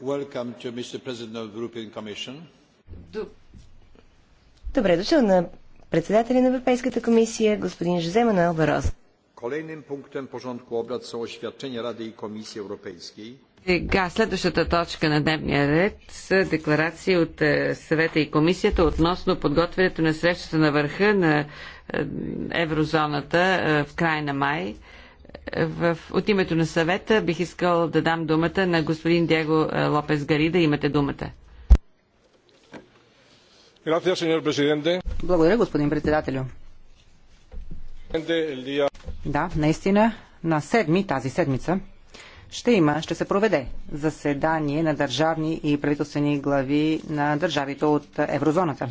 Welcome to Mr. President of the European Commission. Добре дошъл на председателя на Европейската комисия, господин Жозе бароз. Kolejnym punktem porządku obrad są oświadczenia Rady i Komisji Europejskiej. Сега следващата точка на дневния ред са декларации от е, съвета и комисията относно подготвянето на срещата на върха на е, еврозоната е, в края на май в, от името на съвета бих искал да дам думата на господин Диего е, Лопес Гарида. Имате думата. Благодаря, господин председателю. Да, наистина, на седми тази седмица ще има, ще се проведе заседание на държавни и правителствени глави на държавите от еврозоната.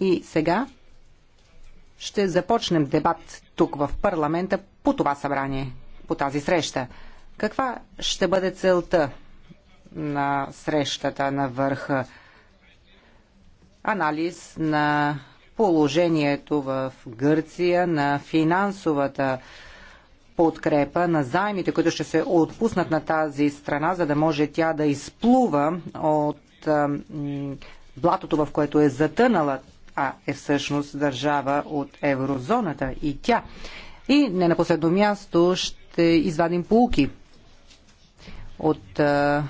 И сега ще започнем дебат тук в парламента по това събрание, по тази среща. Каква ще бъде целта на срещата на върха? Анализ на положението в Гърция, на финансовата подкрепа на заемите, които ще се отпуснат на тази страна, за да може тя да изплува от блатото, в което е затънала а е всъщност държава от еврозоната и тя. И не на последно място ще извадим полуки от а,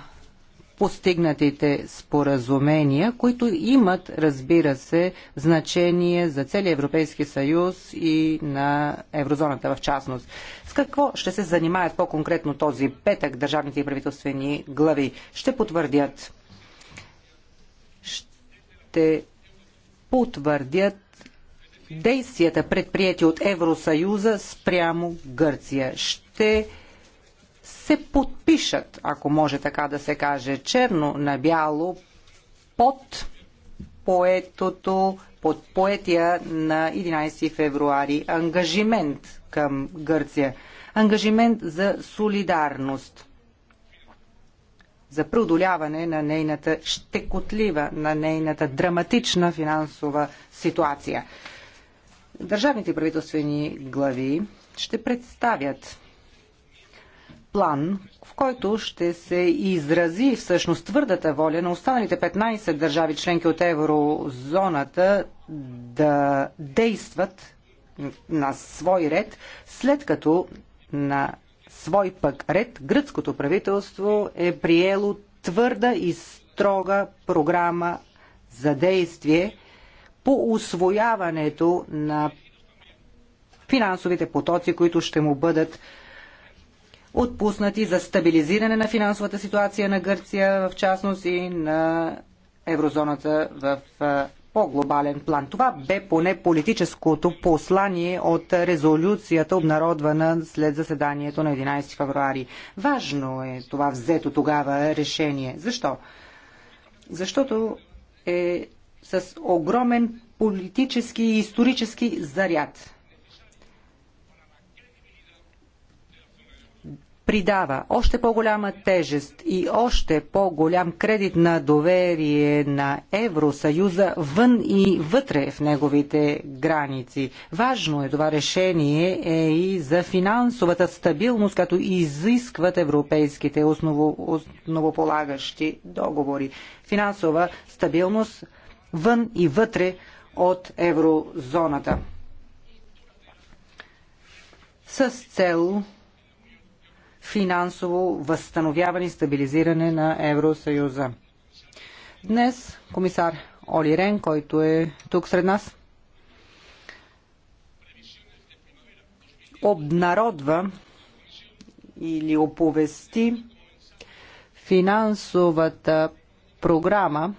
постигнатите споразумения, които имат, разбира се, значение за целия Европейски съюз и на еврозоната в частност. С какво ще се занимаят по-конкретно този петък държавните и правителствени глави? Ще потвърдят, ще потвърдят действията предприяти от Евросъюза спрямо Гърция. Ще се подпишат, ако може така да се каже, черно на бяло под поетото, под поетия на 11 февруари ангажимент към Гърция. Ангажимент за солидарност за преодоляване на нейната щекотлива, на нейната драматична финансова ситуация. Държавните правителствени глави ще представят план, в който ще се изрази всъщност твърдата воля на останалите 15 държави членки от еврозоната да действат на свой ред, след като на свой пък ред гръцкото правителство е приело твърда и строга програма за действие по освояването на финансовите потоци, които ще му бъдат отпуснати за стабилизиране на финансовата ситуация на Гърция в частност и на еврозоната в по-глобален план. Това бе поне политическото послание от резолюцията, обнародвана след заседанието на 11 февруари. Важно е това взето тогава решение. Защо? Защото е с огромен политически и исторически заряд. придава още по-голяма тежест и още по-голям кредит на доверие на Евросъюза вън и вътре в неговите граници. Важно е това решение е и за финансовата стабилност, като изискват европейските осново, основополагащи договори. Финансова стабилност вън и вътре от еврозоната. С цел финансово възстановяване и стабилизиране на Евросъюза. Днес комисар Оли Рен, който е тук сред нас, обнародва или оповести финансовата програма,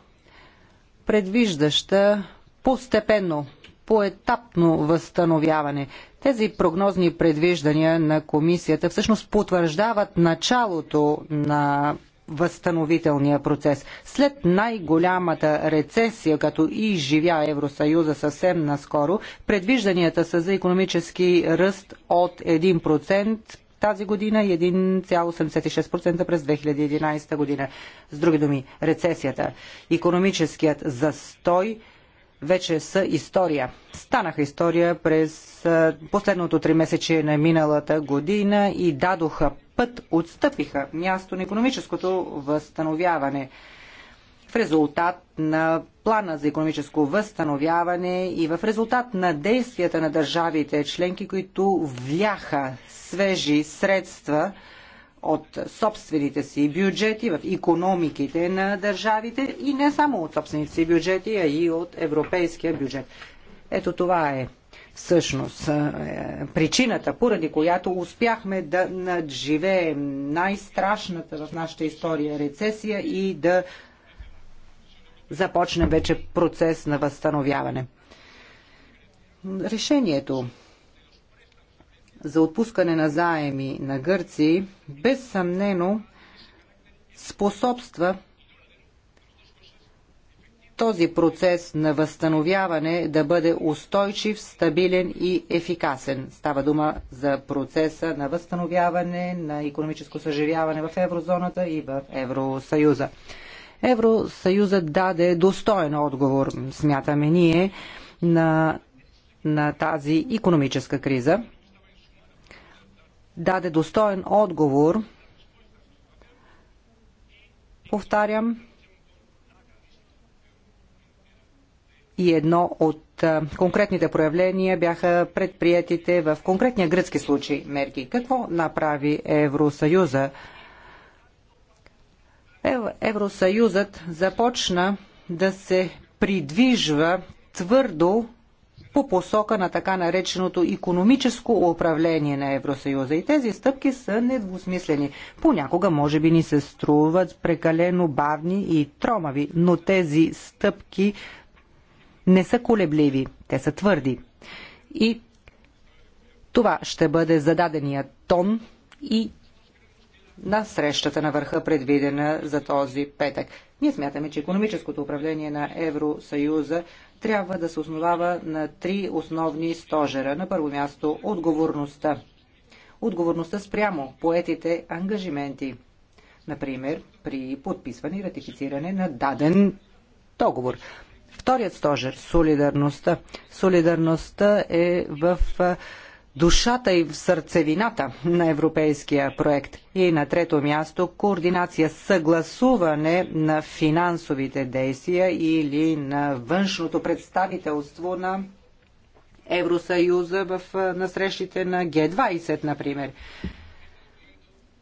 предвиждаща постепенно, поетапно възстановяване. Тези прогнозни предвиждания на комисията всъщност потвърждават началото на възстановителния процес. След най-голямата рецесия, като и живя Евросъюза съвсем наскоро, предвижданията са за економически ръст от 1% тази година и 1,86% през 2011 година. С други думи, рецесията, економическият застой – вече са история. Станаха история през последното три месече на миналата година и дадоха път, отстъпиха място на економическото възстановяване. В резултат на плана за економическо възстановяване и в резултат на действията на държавите членки, които вляха свежи средства – от собствените си бюджети, в економиките на държавите и не само от собствените си бюджети, а и от европейския бюджет. Ето това е всъщност е, причината, поради която успяхме да надживеем най-страшната в нашата история рецесия и да започнем вече процес на възстановяване. Решението за отпускане на заеми на Гърци, без съмнено способства този процес на възстановяване да бъде устойчив, стабилен и ефикасен. Става дума за процеса на възстановяване, на економическо съживяване в еврозоната и в Евросъюза. Евросъюзът даде достоен отговор, смятаме ние, на, на тази економическа криза даде достоен отговор, повтарям, и едно от конкретните проявления бяха предприятите в конкретния гръцки случай мерки. Какво направи Евросъюза? Евросъюзът започна да се придвижва твърдо по посока на така нареченото економическо управление на Евросъюза. И тези стъпки са недвусмислени. Понякога може би ни се струват прекалено бавни и тромави, но тези стъпки не са колебливи, те са твърди. И това ще бъде зададения тон и на срещата на върха, предвидена за този петък. Ние смятаме, че економическото управление на Евросъюза трябва да се основава на три основни стожера. На първо място отговорността. Отговорността спрямо поетите ангажименти. Например, при подписване и ратифициране на даден договор. Вторият стожер – солидарността. Солидарността е в душата и в сърцевината на европейския проект. И на трето място координация, съгласуване на финансовите действия или на външното представителство на Евросъюза в насрещите на Г-20, например.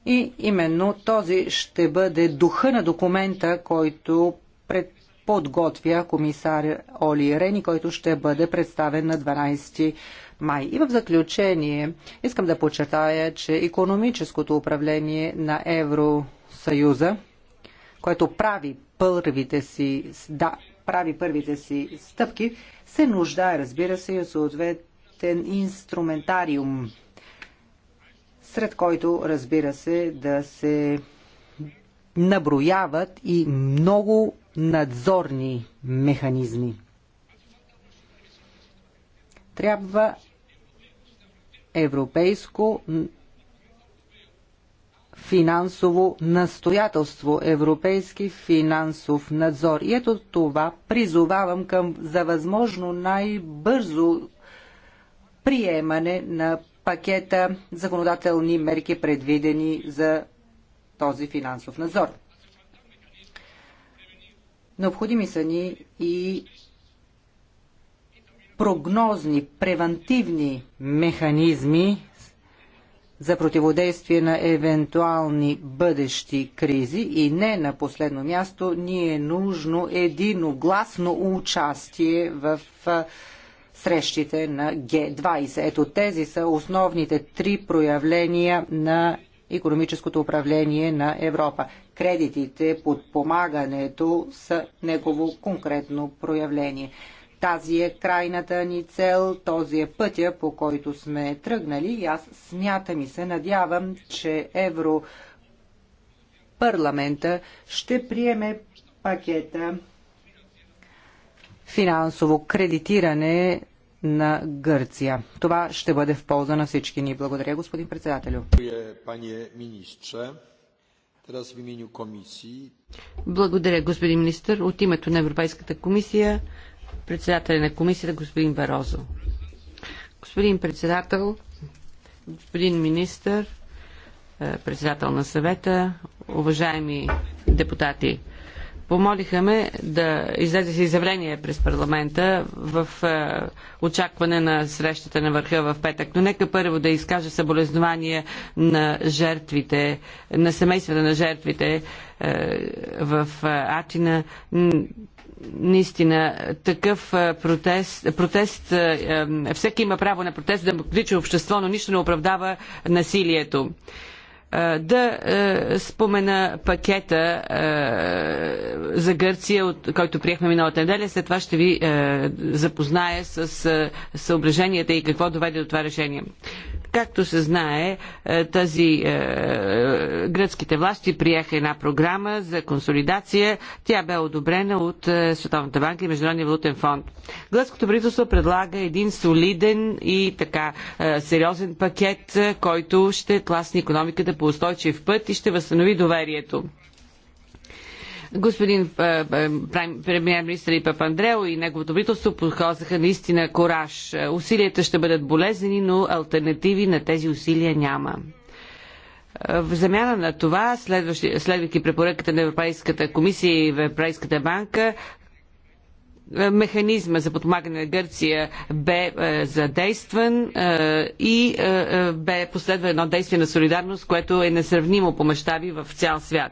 И именно този ще бъде духа на документа, който пред подготвя комисар Оли Рени, който ще бъде представен на 12 май. И в заключение искам да подчертая, че економическото управление на Евросъюза, което прави първите си, да, прави първите си стъпки, се нуждае, разбира се, от съответен инструментариум, сред който, разбира се, да се наброяват и много надзорни механизми. Трябва европейско финансово настоятелство, европейски финансов надзор. И ето това призовавам към за възможно най-бързо приемане на пакета законодателни мерки, предвидени за този финансов надзор. Необходими са ни и прогнозни, превантивни механизми за противодействие на евентуални бъдещи кризи и не на последно място ни е нужно единогласно участие в срещите на Г20. Ето тези са основните три проявления на економическото управление на Европа. Кредитите, подпомагането са негово конкретно проявление. Тази е крайната ни цел, този е пътя, по който сме тръгнали и аз смятам и се надявам, че парламента ще приеме пакета финансово кредитиране на Гърция. Това ще бъде в полза на всички ни. Благодаря, господин председателю. Благодаря, господин министр. От името на Европейската комисия председателя на комисията господин Барозо. Господин председател, господин министър, е, председател на съвета, уважаеми депутати. Помолиха ме да излезе с изявление през парламента в е, очакване на срещата на върха в петък. Но нека първо да изкажа съболезнования на жертвите, на семействата на жертвите е, в Атина наистина такъв протест, протест всеки има право на протест в демократично общество, но нищо не оправдава насилието. Да спомена пакета за Гърция, от който приехме миналата неделя. След това ще ви запозная с съображенията и какво доведе до това решение. Както се знае, е, тази е, гръцките власти приеха една програма за консолидация. Тя бе одобрена от е, Световната банка и Международния валутен фонд. Гръцкото правителство предлага един солиден и така сериозен пакет, който ще тласне економиката по устойчив път и ще възстанови доверието. Господин е, е, премьер-министр и Папандрео и неговото правителство подхозаха наистина кораж. Усилията ще бъдат болезни, но альтернативи на тези усилия няма. Е, в замяна на това, следвайки препоръката на Европейската комисия и Европейската банка, механизма за подпомагане на Гърция бе е, задействан е, и е, бе последва едно действие на солидарност, което е несравнимо по мащаби в цял свят.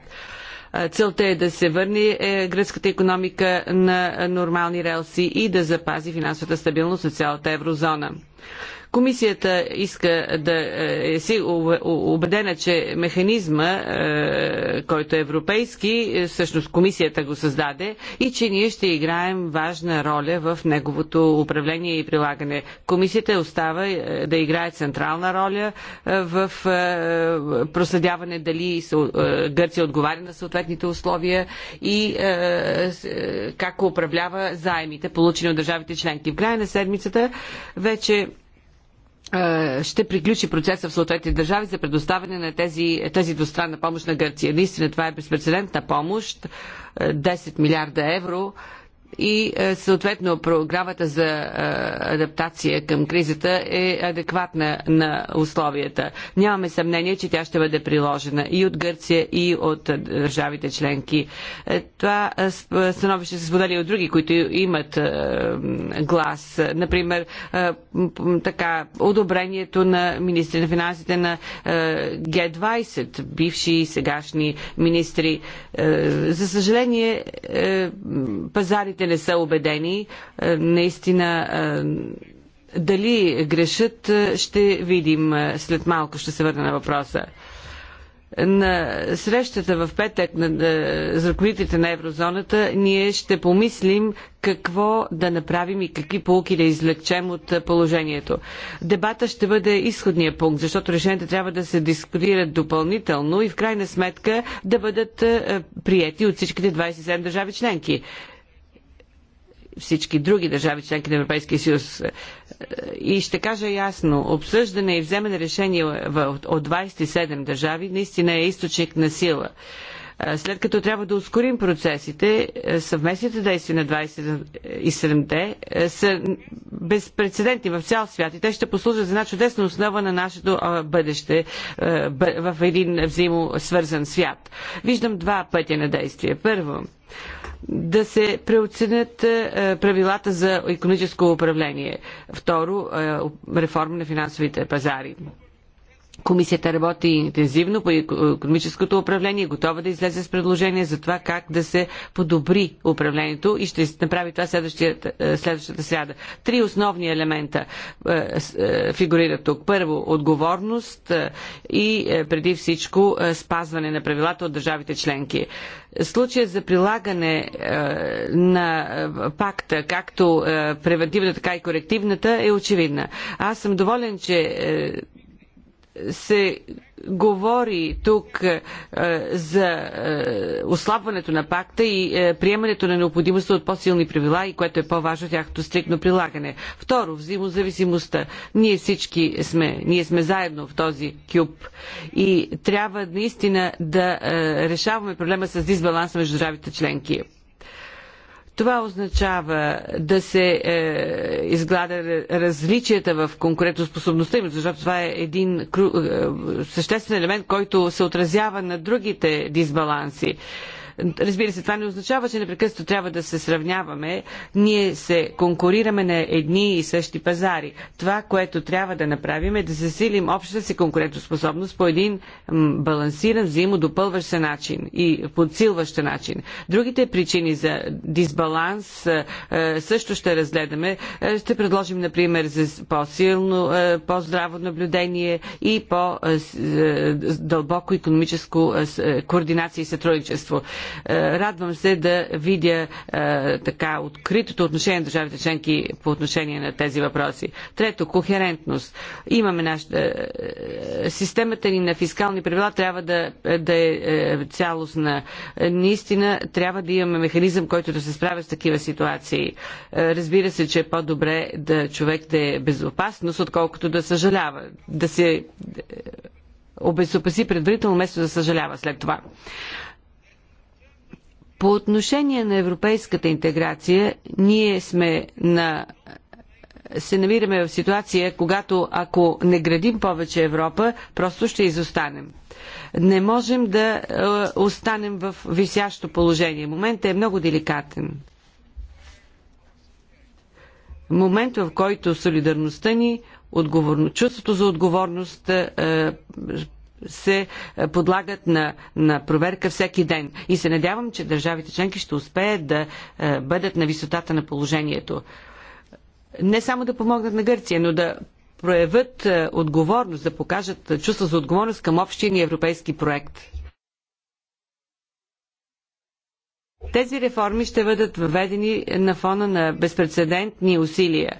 Целта е да се върне е, гръцката економика на нормални релси и да запази финансовата стабилност на цялата еврозона. Комисията иска да е, е си убедена, че механизма, е, който е европейски, е, всъщност комисията го създаде и че ние ще играем важна роля в неговото управление и прилагане. Комисията остава да играе централна роля в проследяване дали Гърция отговаря на съответните условия и как управлява заемите, получени от държавите членки. В края на седмицата вече е, ще приключи процеса в съответните държави за предоставяне на тези, тази двустранна помощ на Гърция. Наистина това е безпредседентна помощ. 10 е, милиарда евро и е, съответно програмата за е, адаптация към кризата е адекватна на условията. Нямаме съмнение, че тя ще бъде приложена и от Гърция, и от е, държавите членки. Това становище се сподели от други, които имат глас. Например, така, одобрението на министри на финансите на Г-20, бивши и сегашни министри. За съжаление, пазарите самите не са убедени. Е, наистина е, дали грешат, е, ще видим. След малко ще се върна на въпроса. На срещата в петък на, с ръководителите на еврозоната ние ще помислим какво да направим и какви полки да излечем от положението. Дебата ще бъде изходния пункт, защото решенията трябва да се дискутират допълнително и в крайна сметка да бъдат приети от всичките 27 държави членки всички други държави, членки на Европейския съюз. Е, и ще кажа ясно, обсъждане и вземане решение от 27 държави наистина е източник на сила е, след като трябва да ускорим процесите, е, съвместните действия на 27-те са безпредседентни в цял свят и те ще послужат за една чудесна основа на нашето бъдеще в един взаимосвързан свят. Виждам два пътя на действие. Първо, да се преоценят е, правилата за економическо управление. Второ, е, реформа на финансовите пазари. Комисията работи интензивно по економическото управление, готова да излезе с предложение за това как да се подобри управлението и ще направи това е, следващата сряда. Три основни елемента е, е, фигурират тук. Първо, отговорност и преди всичко спазване на правилата от държавите членки. Случаят за прилагане на пакта, както превентивната, така и корективната, е очевидна. Аз съм доволен, че се говори тук е, за е, ослабването на пакта и е, приемането на необходимостта от по-силни правила и което е по-важно тяхното стрикно прилагане. Второ, взаимозависимостта. Ние всички сме, ние сме заедно в този кюб и трябва наистина да е, решаваме проблема с дисбаланс между държавите членки. Това означава да се е, изглада различията в конкурентоспособността им, защото това е един е, съществен елемент, който се отразява на другите дисбаланси. Разбира се, това не означава, че непрекъснато трябва да се сравняваме. Ние се конкурираме на едни и същи пазари. Това, което трябва да направим е да засилим общата си конкурентоспособност по един балансиран, взаимодопълващ се начин и подсилващ начин. Другите причини за дисбаланс е, е, също ще разгледаме. Е, ще предложим, например, за по-силно, по-здраво наблюдение и по-дълбоко економическо координация и сътрудничество. Е, радвам се да видя е, така откритото отношение на държавите членки по отношение на тези въпроси. Трето, кохерентност. Имаме нашата... Е, системата ни на фискални правила трябва да, да е цялостна. Наистина трябва да имаме механизъм, който да се справя с такива ситуации. Разбира се, че е по-добре да човек да е безопасност, отколкото да съжалява, да се обезопаси предварително, вместо да съжалява след това. По отношение на европейската интеграция, ние сме на се намираме в ситуация, когато ако не градим повече Европа, просто ще изостанем. Не можем да е, останем в висящо положение. Моментът е много деликатен. Момент, в който солидарността ни, отговорно, чувството за отговорност е, се е, подлагат на, на проверка всеки ден. И се надявам, че държавите членки ще успеят да е, бъдат на висотата на положението. Не само да помогнат на Гърция, но да проявят е, отговорност, да покажат чувство за отговорност към общия ни европейски проект. Тези реформи ще бъдат въведени на фона на безпредседентни усилия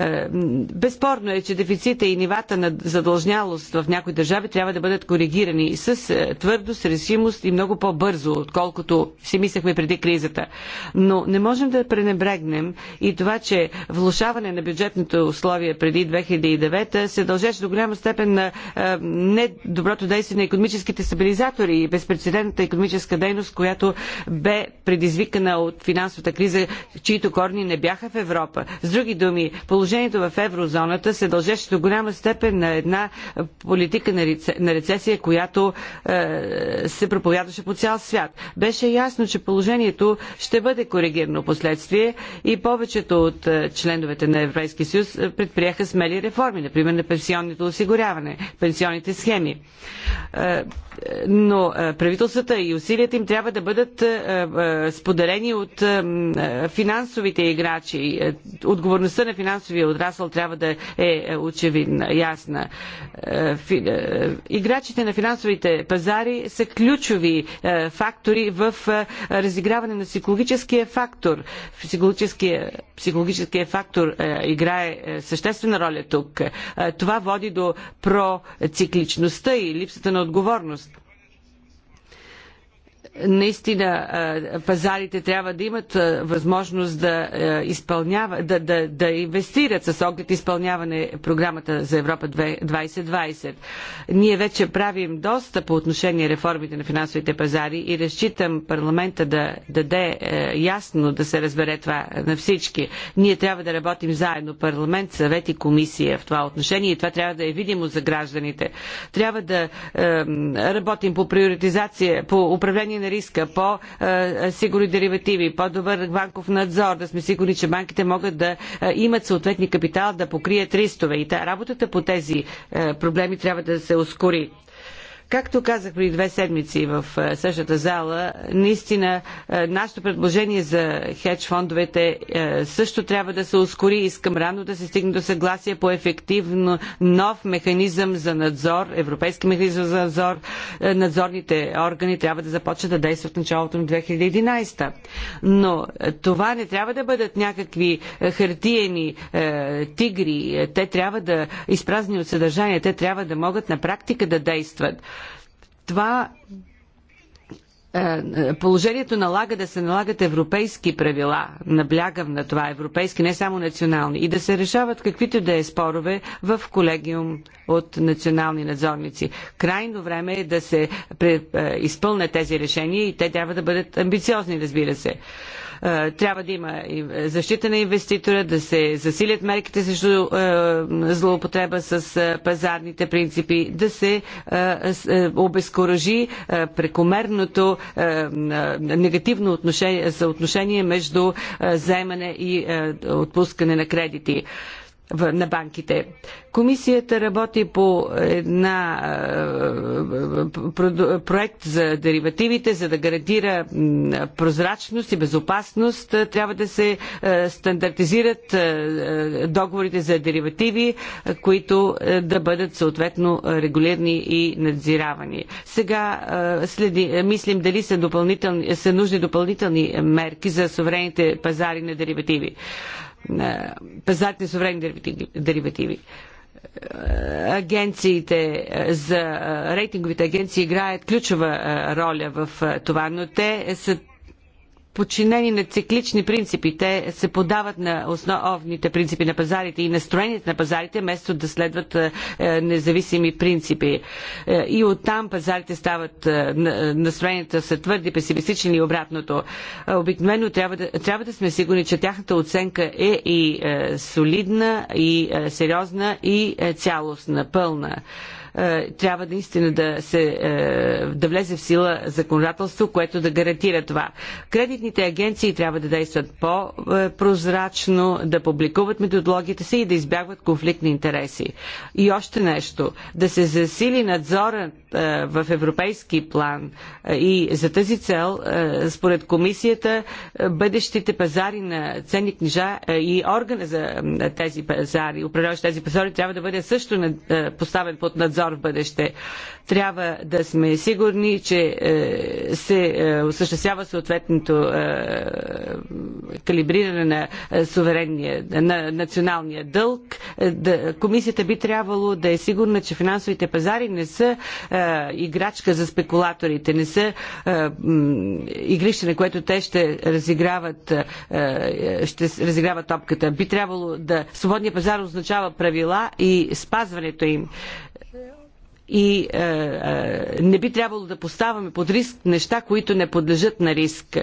е, безспорно е, че дефицита и нивата на задължнялост в някои държави трябва да бъдат коригирани с е, твърдост, решимост и много по-бързо, отколкото си мислехме преди кризата. Но не можем да пренебрегнем и това, че влушаване на бюджетното условие преди 2009 се дължеше до голяма степен на е, недоброто действие на економическите стабилизатори и безпредседентната економическа дейност, която бе предизвикана от финансовата криза, чието корни не бяха в Европа. С други думи, положението в еврозоната се дължеше до голяма степен на една политика на, реце, на рецесия, която е, се проповядваше по цял свят. Беше ясно, че положението ще бъде коригирано последствие и повечето от е, членовете на Европейския съюз е, предприеха смели реформи, например на пенсионното осигуряване, пенсионните схеми. Е, но правителствата и усилията им трябва да бъдат споделени от финансовите играчи, отговорността на финансовите е отрасъл трябва да е, е очевидна, ясна. Е, е, играчите на финансовите пазари са ключови фактори в разиграване на психологическия фактор. Психологическия, психологическия фактор играе съществена роля тук. Това води до процикличността и липсата на отговорност наистина пазарите трябва да имат възможност да изпълнява, да, да, да инвестират с оглед изпълняване програмата за Европа 2020. Ние вече правим доста по отношение реформите на финансовите пазари и разчитам парламента да даде е, ясно да се разбере това на всички. Ние трябва да работим заедно парламент, съвет и комисия в това отношение и това трябва да е видимо за гражданите. Трябва да е, работим по приоритизация, по управление намаление на риска, по-сигурни е, е, деривативи, по-добър банков надзор, да сме сигурни, че банките могат да е, имат съответни капитал да покрият рискове. И работата по тези проблеми трябва да се ускори. Както казах преди две седмици в е, същата зала, наистина е, нашето предложение за хедж фондовете е, също трябва да се ускори. Искам рано да се стигне до съгласие по ефективно нов механизъм за надзор, европейски механизъм за надзор. Надзорните органи трябва да започнат да действат в началото на 2011. Но това не трябва да бъдат някакви хартиени тигри. Те трябва да изпразни от съдържание. Те трябва да могат на практика да действат това е, е, положението налага да се налагат европейски правила, наблягам на това, европейски, не само национални, и да се решават каквито да е спорове в колегиум от национални надзорници. Крайно време е да се е, изпълнят тези решения и те трябва да бъдат амбициозни, разбира се. Е, трябва да има защита на инвеститора, да се засилят мерките срещу е, злоупотреба с е, пазарните принципи, да се обезкуражи прекомерното негативно съотношение между заемане и отпускане на кредити на банките. Комисията работи по една е, проект за деривативите, за да гарантира прозрачност и безопасност. Трябва да се е, стандартизират е, договорите за деривативи, които да бъдат съответно регулирани и надзиравани. Сега следи, мислим дали са, са нужни допълнителни мерки за суверените пазари на деривативи пазарите с суверенни деривативи е, агенциите е, за е, рейтинговите агенции играят ключова роля в това, но те са подчинени на циклични принципи. Те се подават на основните принципи на пазарите и настроенията на пазарите, вместо да следват е, е, независими принципи. Е, и оттам пазарите стават, настроенията са твърди, песимистични и обратното. Обикновено трябва да, трябва да сме сигурни, че тяхната оценка е и солидна, и сериозна, и цялостна, пълна. Е, трябва наистина да, се, е, да влезе в сила законодателство, което да гарантира това. Кредитните агенции трябва да действат по-прозрачно, да публикуват методологията си и да избягват конфликтни интереси. И още нещо, да се засили надзора е, в европейски план и за тази цел, според комисията, бъдещите пазари на ценни книжа и органа за тези пазари, управляващи тези пазари, трябва да бъде също поставен под надзор партньор в бъдеще. Трябва да сме сигурни, че е, се е, осъществява съответното е, калибриране на суверенния, на националния дълг. Комисията би трябвало да е сигурна, че финансовите пазари не са играчка за спекулаторите, не са игрище, на което те ще разиграват, ще разиграват топката. Би трябвало да. Свободният пазар означава правила и спазването им и е, е, не би трябвало да поставяме под риск неща, които не подлежат на риск.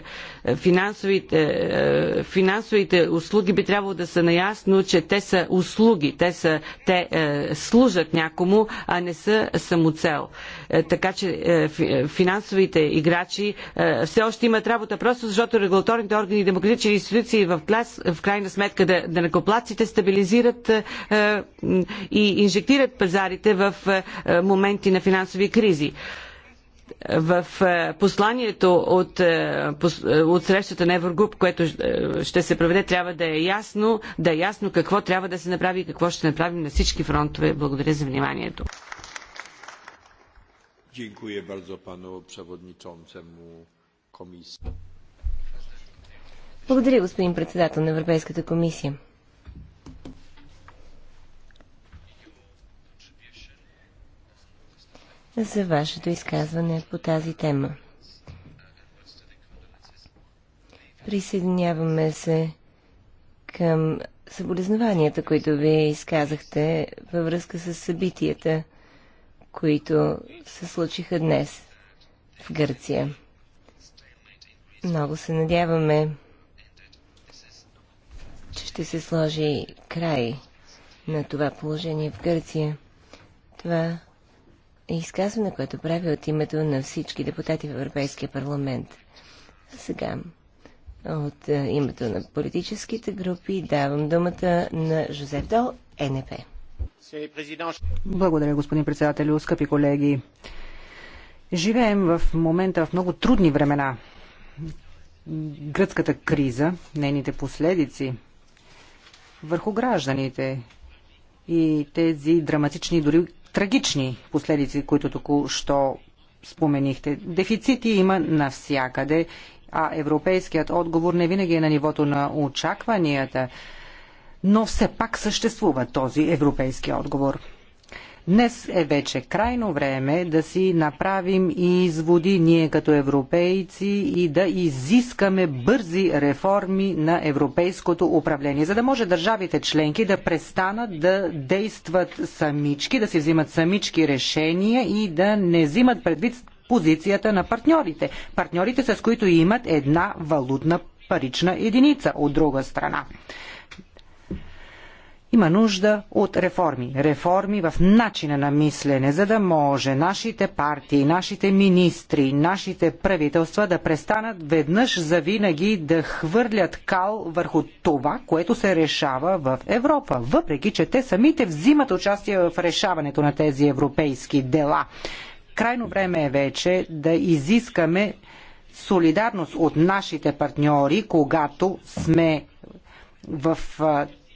Е, финансовите, е, финансовите услуги би трябвало да са наясно, че те са услуги, те, са, те е, служат някому, а не са самоцел. Е, така че е, е финансовите играчи е, все още имат работа, просто защото регулаторните органи и демократични институции в, клас, в крайна сметка да, да накоплаците стабилизират е, и инжектират пазарите в е, моменти на финансови кризи в е, посланието от, е, е, от срещата на Еврогруп, което ще се проведе, трябва да е ясно, да е ясно какво трябва да се направи и какво ще направим на всички фронтове. Благодаря за вниманието. Благодаря, господин председател на Европейската комисия. за вашето изказване по тази тема. Присъединяваме се към съболезнованията, които вие изказахте във връзка с събитията, които се случиха днес в Гърция. Много се надяваме, че ще се сложи край на това положение в Гърция. Това изказване, което прави от името на всички депутати в Европейския парламент. А сега, от е, името на политическите групи, давам думата на Жозеф Дол, НП. Благодаря, господин председател, Скъпи колеги, живеем в момента в много трудни времена. Гръцката криза, нейните последици върху гражданите и тези драматични, дори трагични последици, които току-що споменихте. Дефицити има навсякъде, а европейският отговор не винаги е на нивото на очакванията, но все пак съществува този европейски отговор. Днес е вече крайно време да си направим и изводи ние като европейци и да изискаме бързи реформи на европейското управление, за да може държавите членки да престанат да действат самички, да си взимат самички решения и да не взимат предвид позицията на партньорите. Партньорите, с които имат една валутна парична единица от друга страна. Има нужда от реформи. Реформи в начина на мислене, за да може нашите партии, нашите министри, нашите правителства да престанат веднъж за винаги да хвърлят кал върху това, което се решава в Европа. Въпреки, че те самите взимат участие в решаването на тези европейски дела. Крайно време е вече да изискаме солидарност от нашите партньори, когато сме в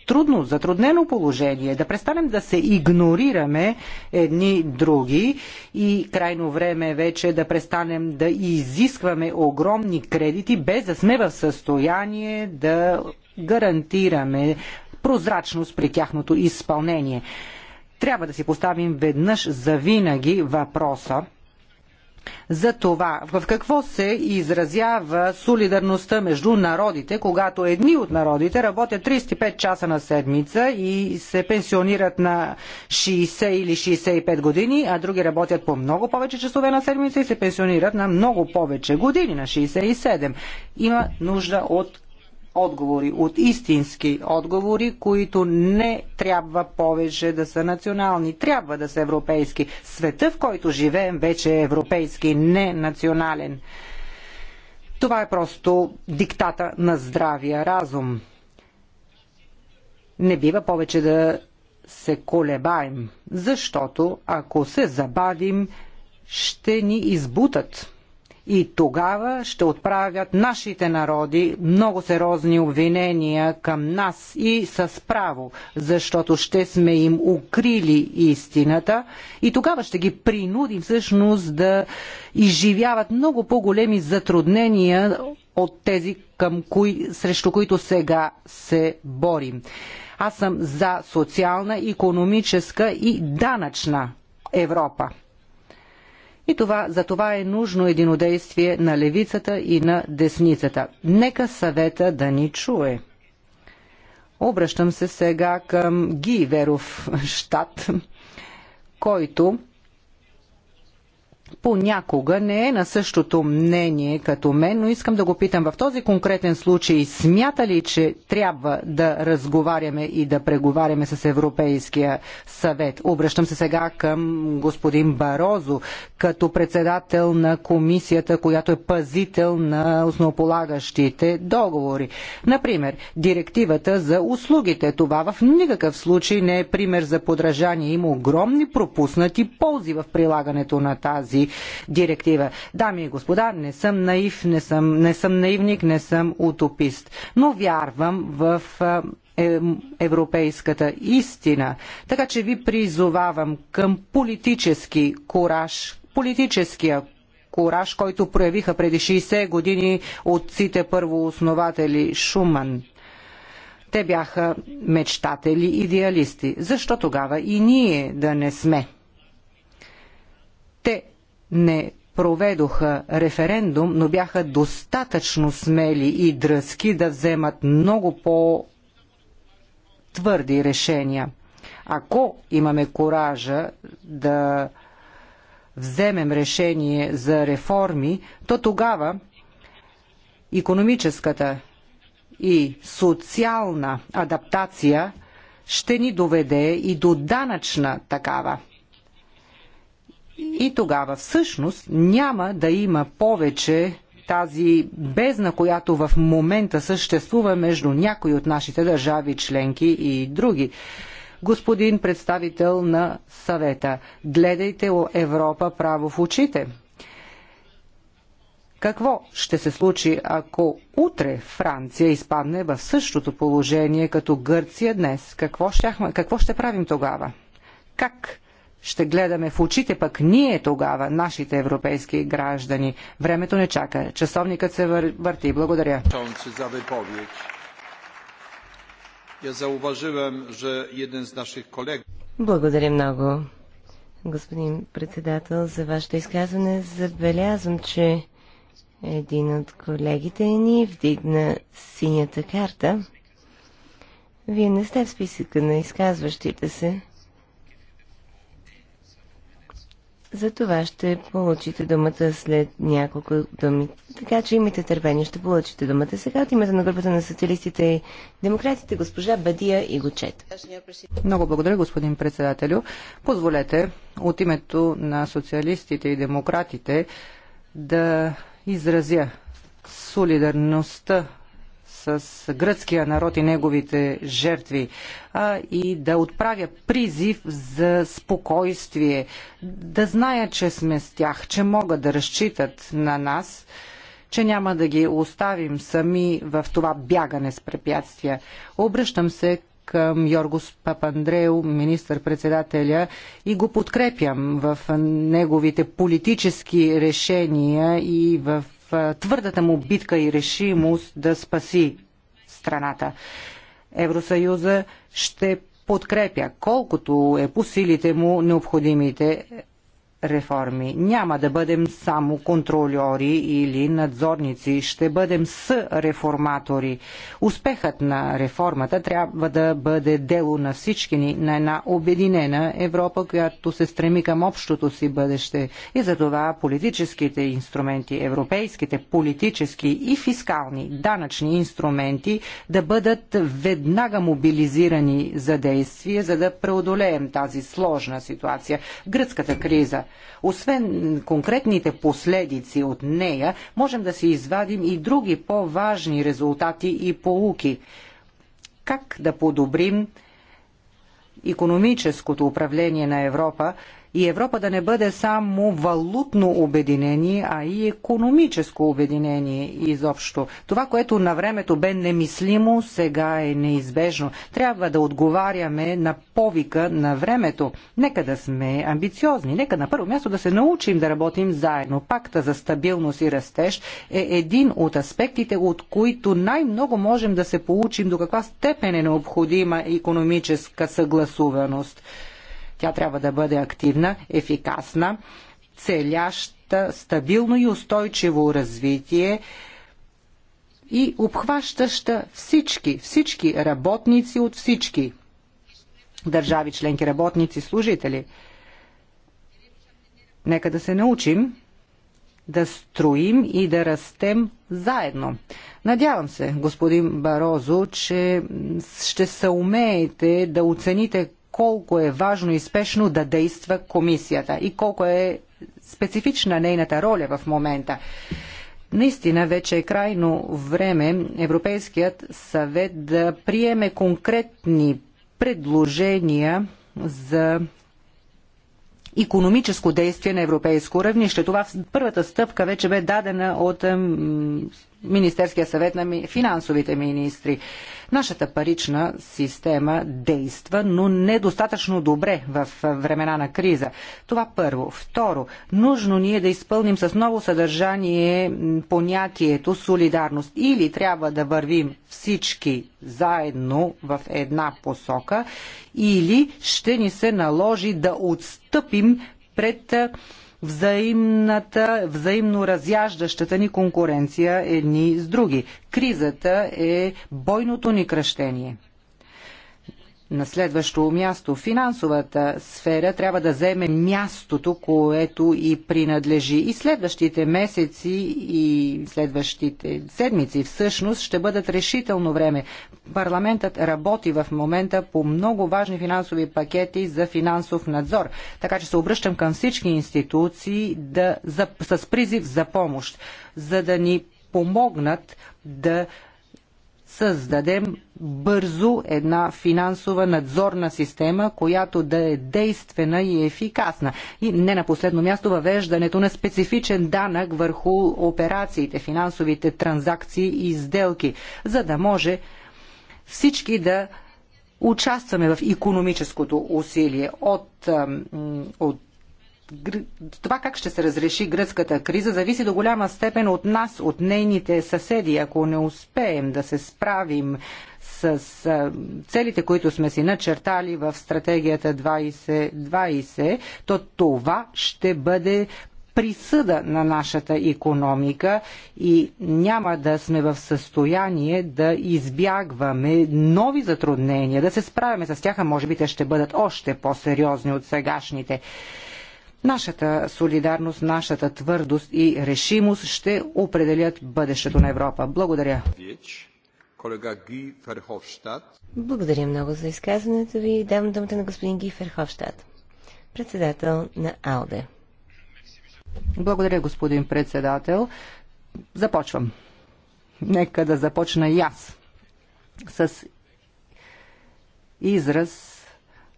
трудно, затруднено положение, да престанем да се игнорираме едни други и крайно време е вече да престанем да изискваме огромни кредити, без да сме в състояние да гарантираме прозрачност при тяхното изпълнение. Трябва да си поставим веднъж за винаги въпроса за това в какво се изразява солидарността между народите, когато едни от народите работят 35 часа на седмица и се пенсионират на 60 или 65 години, а други работят по много повече часове на седмица и се пенсионират на много повече години, на 67. Има нужда от отговори, от истински отговори, които не трябва повече да са национални, трябва да са европейски. Света, в който живеем, вече е европейски, не национален. Това е просто диктата на здравия разум. Не бива повече да се колебаем, защото ако се забавим, ще ни избутат. И тогава ще отправят нашите народи много сериозни обвинения към нас и с право, защото ще сме им укрили истината и тогава ще ги принудим всъщност да изживяват много по-големи затруднения от тези, към кои, срещу които сега се борим. Аз съм за социална, економическа и данъчна Европа. И това, за това е нужно единодействие на левицата и на десницата. Нека съвета да ни чуе. Обръщам се сега към Ги Веров щат, който понякога не е на същото мнение като мен, но искам да го питам в този конкретен случай, смята ли, че трябва да разговаряме и да преговаряме с Европейския съвет? Обръщам се сега към господин Барозо, като председател на комисията, която е пазител на основополагащите договори. Например, директивата за услугите. Това в никакъв случай не е пример за подражание. Има огромни пропуснати ползи в прилагането на тази тази директива. Дами и господа, не съм наив, не съм, не съм наивник, не съм утопист, но вярвам в е, европейската истина. Така че ви призовавам към политически кураж, политическия кураж, който проявиха преди 60 години отците първооснователи Шуман. Те бяха мечтатели, идеалисти. Защо тогава и ние да не сме? Те не проведоха референдум, но бяха достатъчно смели и дръзки да вземат много по-твърди решения. Ако имаме коража да вземем решение за реформи, то тогава економическата и социална адаптация ще ни доведе и до данъчна такава. И тогава всъщност няма да има повече тази бездна, която в момента съществува между някои от нашите държави членки и други. Господин представител на съвета, гледайте Европа право в очите. Какво ще се случи, ако утре Франция изпадне в същото положение като Гърция днес? Какво ще, какво ще правим тогава? Как ще гледаме в очите пък ние тогава, нашите европейски граждани. Времето не чака. Часовникът се вър... върти. Благодаря. Благодаря много, господин председател, за вашето изказване. Забелязвам, че един от колегите ни вдигна синята карта. Вие не сте в списъка на изказващите се. За това ще получите думата след няколко думи. Така че имайте търпение, ще получите думата сега от името на групата на социалистите и демократите, госпожа Бадия и Гочет. Много благодаря, господин председателю. Позволете от името на социалистите и демократите да изразя солидарността с гръцкия народ и неговите жертви, а и да отправя призив за спокойствие, да знаят, че сме с тях, че могат да разчитат на нас, че няма да ги оставим сами в това бягане с препятствия. Обръщам се към Йоргос Папандрео, министър-председателя, и го подкрепям в неговите политически решения и в е, твърдата му битка и решимост да спаси страната. Евросъюза ще подкрепя колкото е по силите му необходимите реформи. Няма да бъдем само контрольори или надзорници, ще бъдем с реформатори. Успехът на реформата трябва да бъде дело на всички ни, на една обединена Европа, която се стреми към общото си бъдеще. И за това политическите инструменти, европейските политически и фискални данъчни инструменти да бъдат веднага мобилизирани за действие, за да преодолеем тази сложна ситуация. Гръцката криза освен конкретните последици от нея, можем да си извадим и други по-важни резултати и полуки. Как да подобрим економическото управление на Европа, и Европа да не бъде само валутно обединение, а и економическо обединение изобщо. Това, което на времето бе немислимо, сега е неизбежно. Трябва да отговаряме на повика на времето. Нека да сме амбициозни, нека на първо място да се научим да работим заедно. Пакта за стабилност и растеж е един от аспектите, от които най-много можем да се получим до каква степен е необходима економическа съгласуваност. Тя трябва да бъде активна, ефикасна, целяща стабилно и устойчиво развитие и обхващаща всички, всички работници от всички държави, членки, работници, служители. Нека да се научим да строим и да растем заедно. Надявам се, господин Барозо, че ще се умеете да оцените колко е важно и спешно да действа комисията и колко е специфична нейната роля в момента. Наистина вече е крайно време Европейският съвет да приеме конкретни предложения за економическо действие на европейско равнище. Това първата стъпка вече бе дадена от Министерския съвет на финансовите министри. Нашата парична система действа, но недостатъчно добре в времена на криза. Това първо. Второ, нужно ние да изпълним с ново съдържание понятието солидарност. Или трябва да вървим всички заедно в една посока, или ще ни се наложи да отстъпим пред взаимната, взаимно разяждащата ни конкуренция едни с други. Кризата е бойното ни кръщение. На следващо място, финансовата сфера трябва да вземе мястото, което и принадлежи. И следващите месеци и следващите седмици всъщност ще бъдат решително време. Парламентът работи в момента по много важни финансови пакети за финансов надзор. Така че се обръщам към всички институции да, за, с призив за помощ, за да ни помогнат да създадем бързо една финансова надзорна система, която да е действена и ефикасна. И не на последно място въвеждането на специфичен данък върху операциите, финансовите транзакции и сделки, за да може всички да участваме в економическото усилие от, от това как ще се разреши гръцката криза зависи до голяма степен от нас, от нейните съседи. Ако не успеем да се справим с целите, които сме си начертали в стратегията 2020, то това ще бъде присъда на нашата економика и няма да сме в състояние да избягваме нови затруднения, да се справяме с тях, а може би те ще бъдат още по-сериозни от сегашните. Нашата солидарност, нашата твърдост и решимост ще определят бъдещето на Европа. Благодаря. Благодаря много за изказването ви. Давам думата на господин Ги Ферховщад, председател на АЛДЕ. Благодаря, господин председател. Започвам. Нека да започна и аз с израз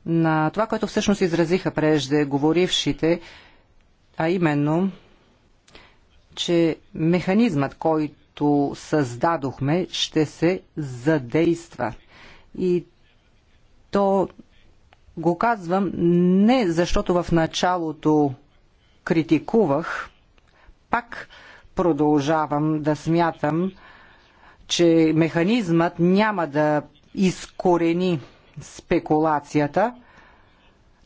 на това, което всъщност изразиха прежде говорившите, а именно, че механизмът, който създадохме, ще се задейства. И то го казвам не защото в началото критикувах, пак продължавам да смятам, че механизмът няма да изкорени спекулацията,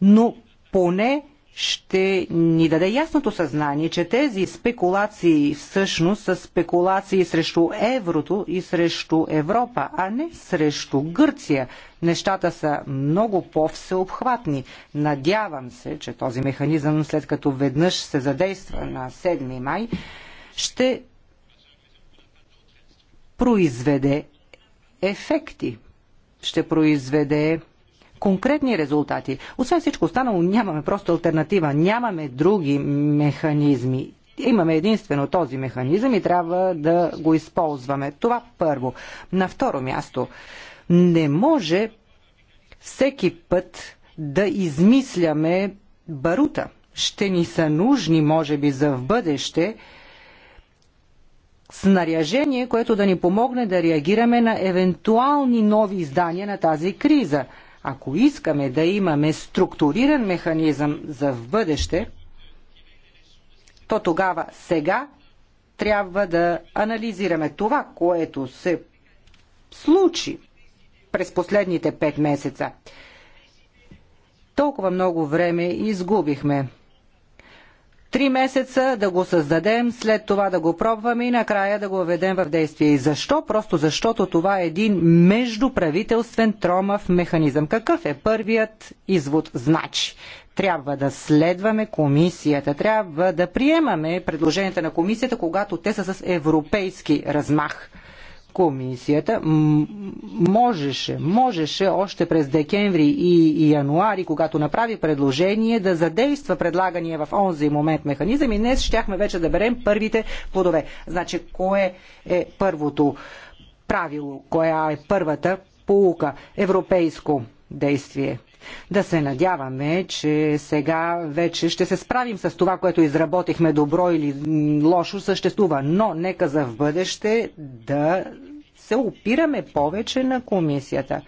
но поне ще ни даде ясното съзнание, че тези спекулации всъщност са спекулации срещу еврото и срещу Европа, а не срещу Гърция. Нещата са много по-всеобхватни. Надявам се, че този механизъм, след като веднъж се задейства на 7 май, ще произведе ефекти ще произведе конкретни резултати. Освен всичко останало, нямаме просто альтернатива, нямаме други механизми. Имаме единствено този механизъм и трябва да го използваме. Това първо. На второ място, не може всеки път да измисляме барута. Ще ни са нужни, може би, за в бъдеще снаряжение, което да ни помогне да реагираме на евентуални нови издания на тази криза. Ако искаме да имаме структуриран механизъм за в бъдеще, то тогава сега трябва да анализираме това, което се случи през последните пет месеца. Толкова много време изгубихме. Три месеца да го създадем, след това да го пробваме и накрая да го введем в действие. И защо? Просто защото това е един междуправителствен тромав механизъм. Какъв е първият извод? Значи, трябва да следваме комисията, трябва да приемаме предложенията на комисията, когато те са с европейски размах комисията можеше, можеше още през декември и януари, когато направи предложение, да задейства предлагания в онзи момент механизъм и днес щяхме вече да берем първите плодове. Значи, кое е първото правило, коя е първата полука? Европейско действие. Да се надяваме, че сега вече ще се справим с това, което изработихме добро или лошо съществува, но нека за в бъдеще да се опираме повече на комисията.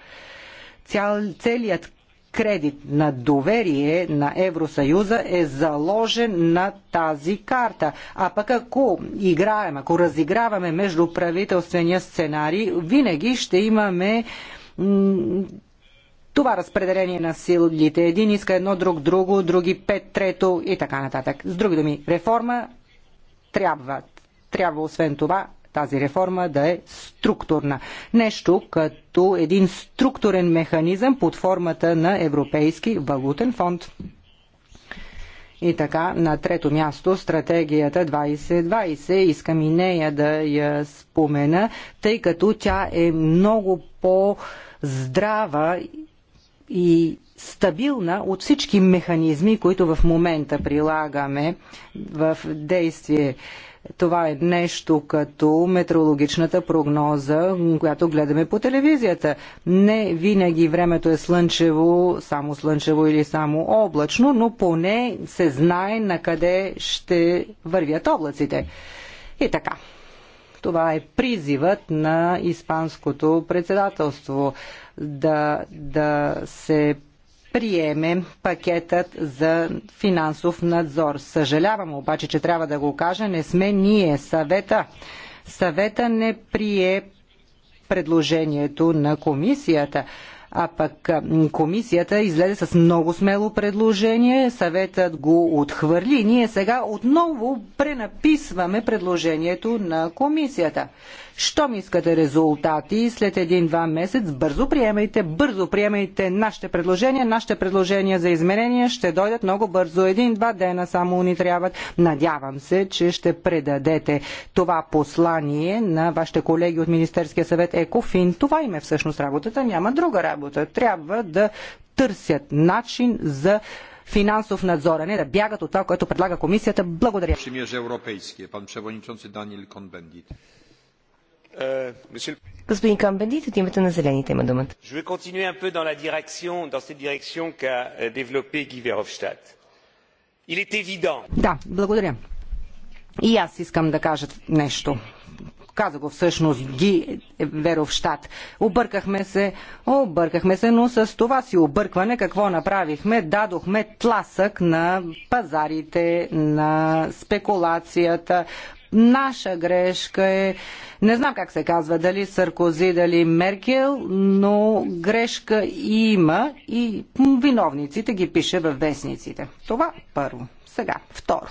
Цял, целият кредит на доверие на Евросъюза е заложен на тази карта. А пък ако играем, ако разиграваме между правителствения сценарий, винаги ще имаме това разпределение на силите. Един иска едно, друг друго, други пет, трето и така нататък. С други думи, реформа трябва. Трябва освен това тази реформа да е структурна. Нещо като един структурен механизъм под формата на Европейски валутен фонд. И така, на трето място, стратегията 2020. Искам и нея да я спомена, тъй като тя е много по-здрава и стабилна от всички механизми, които в момента прилагаме в действие. Това е нещо като метеорологичната прогноза, която гледаме по телевизията. Не винаги времето е слънчево, само слънчево или само облачно, но поне се знае на къде ще вървят облаците. И така. Това е призивът на Испанското председателство да, да се приеме пакетът за финансов надзор. Съжалявам обаче, че трябва да го кажа, не сме ние, съвета. Съвета не прие предложението на комисията. А пък комисията излезе с много смело предложение, съветът го отхвърли. Ние сега отново пренаписваме предложението на комисията. Щом искате резултати, след един-два месец, бързо приемайте, бързо приемайте нашите предложения, нашите предложения за изменения ще дойдат много бързо. Един-два дена само ни трябват. Надявам се, че ще предадете това послание на вашите колеги от Министерския съвет Екофин. Това им е всъщност работата, няма друга работа. Трябва да търсят начин за финансов надзор, а не да бягат от това, което предлага комисията. Благодаря. Euh, Господин Камбендит, от името на Зелените има думата. Je vais continuer un peu dans la direction, dans cette direction qu'a euh, développé Guy Verhofstadt. Il est évident. Да, благодаря. И аз искам да кажа нещо. Каза го всъщност Ги Веровщад. Объркахме се, объркахме се, но с това си объркване какво направихме? Дадохме тласък на пазарите, на спекулацията, наша грешка е, не знам как се казва, дали Саркози, дали Меркел, но грешка има и виновниците ги пише в вестниците. Това първо. Сега, второ.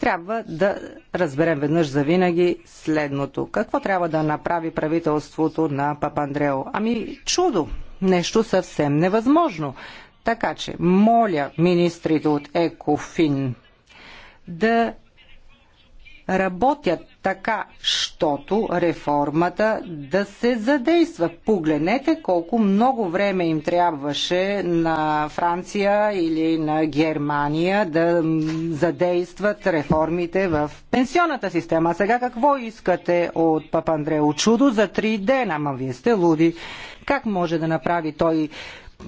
Трябва да разберем веднъж за винаги следното. Какво трябва да направи правителството на Папандрео? Ами чудо, нещо съвсем невъзможно. Така че, моля министрите от Екофин да работят така, щото реформата да се задейства. Погледнете колко много време им трябваше на Франция или на Германия да задействат реформите в пенсионната система. сега какво искате от Папандрео? Чудо за три дена, Ама вие сте луди. Как може да направи той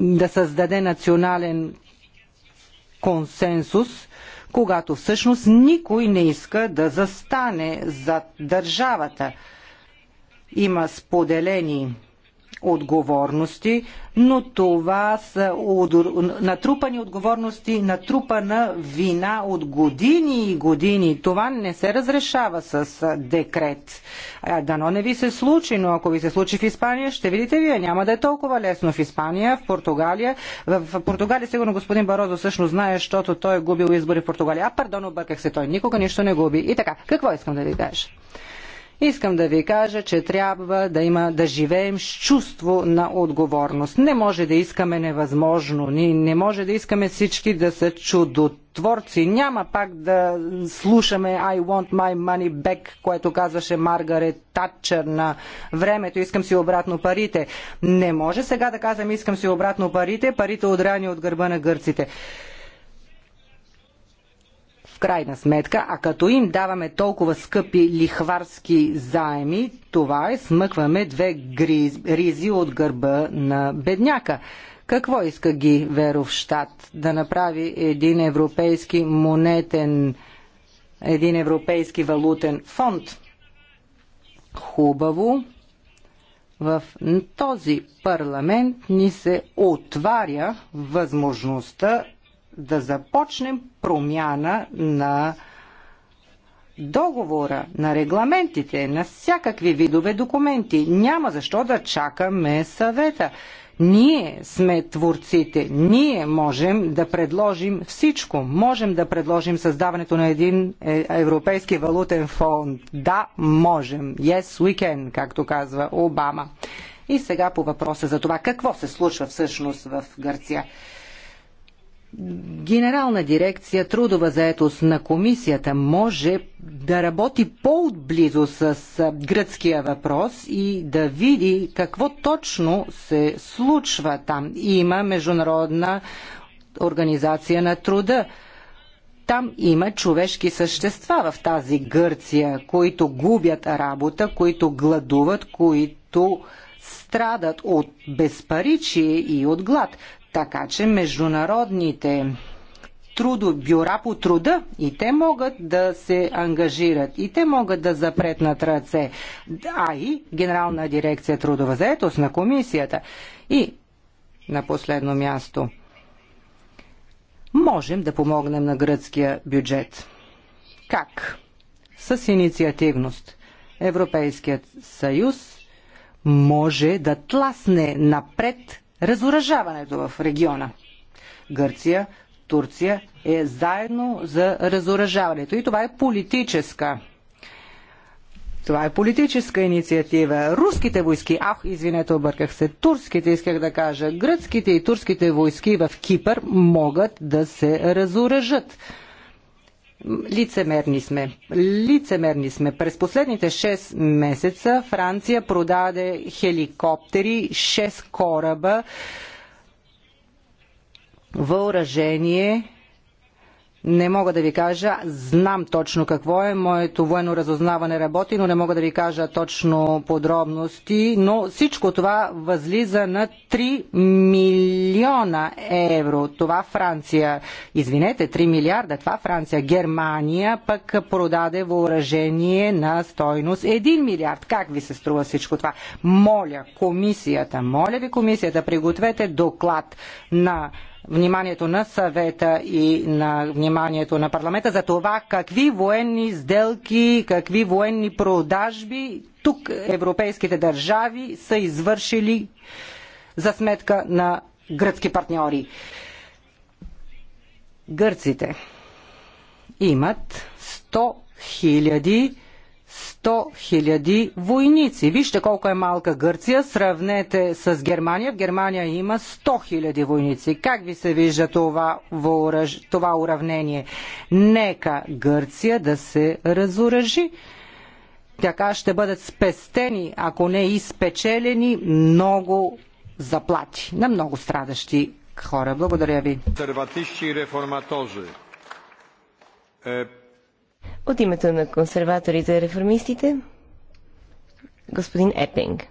да създаде национален консенсус когато всъщност никой не иска да застане зад държавата. Има споделени отговорности, но това са натрупани отговорности, натрупана вина от години и години. Това не се разрешава с декрет. Дано не ви се случи, но ако ви се случи в Испания, ще видите вие, няма да е толкова лесно в Испания, в Португалия. В Португалия сигурно господин Барозо всъщност знае, защото той е губил избори в Португалия. А, пардон, обърках се, той никога нищо не губи. И така, какво искам да ви кажа? Искам да ви кажа, че трябва да има да живеем с чувство на отговорност. Не може да искаме невъзможно, ние не може да искаме всички да са чудотворци. Няма пак да слушаме I want my money back, което казваше Маргарет Татчер на времето. Искам си обратно парите. Не може сега да казвам искам си обратно парите, парите отрани от гърба на гърците крайна сметка, а като им даваме толкова скъпи лихварски заеми, това е смъкваме две гриз, ризи от гърба на бедняка. Какво иска ги Веровщад? Да направи един европейски монетен, един европейски валутен фонд? Хубаво. В този парламент ни се отваря възможността да започнем промяна на договора, на регламентите, на всякакви видове документи. Няма защо да чакаме съвета. Ние сме творците. Ние можем да предложим всичко. Можем да предложим създаването на един е, европейски валутен фонд. Да, можем. Yes, we can, както казва Обама. И сега по въпроса за това какво се случва всъщност в Гърция. Генерална дирекция трудова заетост на комисията може да работи по-отблизо с гръцкия въпрос и да види какво точно се случва там. Има Международна организация на труда. Там има човешки същества в тази Гърция, които губят работа, които гладуват, които страдат от безпаричие и от глад. Така че международните трудо, бюра по труда и те могат да се ангажират и те могат да запретнат ръце, а и Генерална дирекция трудова заетост на комисията. И на последно място можем да помогнем на гръцкия бюджет. Как? С инициативност. Европейският съюз може да тласне напред разоръжаването в региона. Гърция, Турция е заедно за разоръжаването и това е политическа това е политическа инициатива. Руските войски, ах, извинете, обърках се, турските, исках да кажа, гръцките и турските войски в Кипър могат да се разоръжат. Лицемерни сме. Лицемерни сме. През последните 6 месеца Франция продаде хеликоптери, 6 кораба, въоръжение, не мога да ви кажа, знам точно какво е, моето военно разузнаване работи, но не мога да ви кажа точно подробности, но всичко това възлиза на 3 милиона евро. Това Франция, извинете, 3 милиарда, това Франция. Германия пък продаде въоръжение на стойност 1 милиард. Как ви се струва всичко това? Моля комисията, моля ви комисията, пригответе доклад на вниманието на съвета и на вниманието на парламента за това какви военни сделки, какви военни продажби тук европейските държави са извършили за сметка на гръцки партньори. Гърците имат 100 хиляди 100 000 войници. Вижте колко е малка Гърция, сравнете с Германия. В Германия има 100 000 войници. Как ви се вижда това, въоръж... това уравнение? Нека Гърция да се разоръжи. Така ще бъдат спестени, ако не изпечелени, много заплати на много страдащи хора. Благодаря ви. Консерватисти и от името на консерваторите и реформистите, господин Епинг.